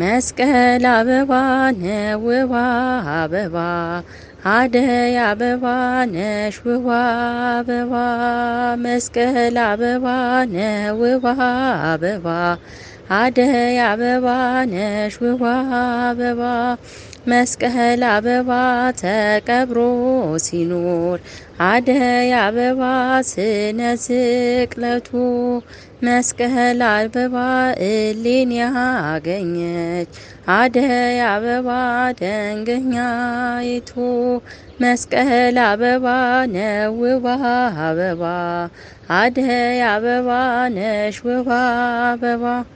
መስቀል አበባ ነውዋ አበባ አደይ አበባ ነሽ ውባ አበባ መስቀል አበባ ነውባ አበባ አደይ አበባ ነሽ ውሃ አበባ መስቀል አበባ ተቀብሮ ሲኖር አደይ አበባ ስነ ስቅለቱ መስቀል አበባ እሌን ያገኘች አደይ አበባ ደንገኛይቱ መስቀል አበባ ነው አበባ አደይ አበባ ነሽ ውሃ አበባ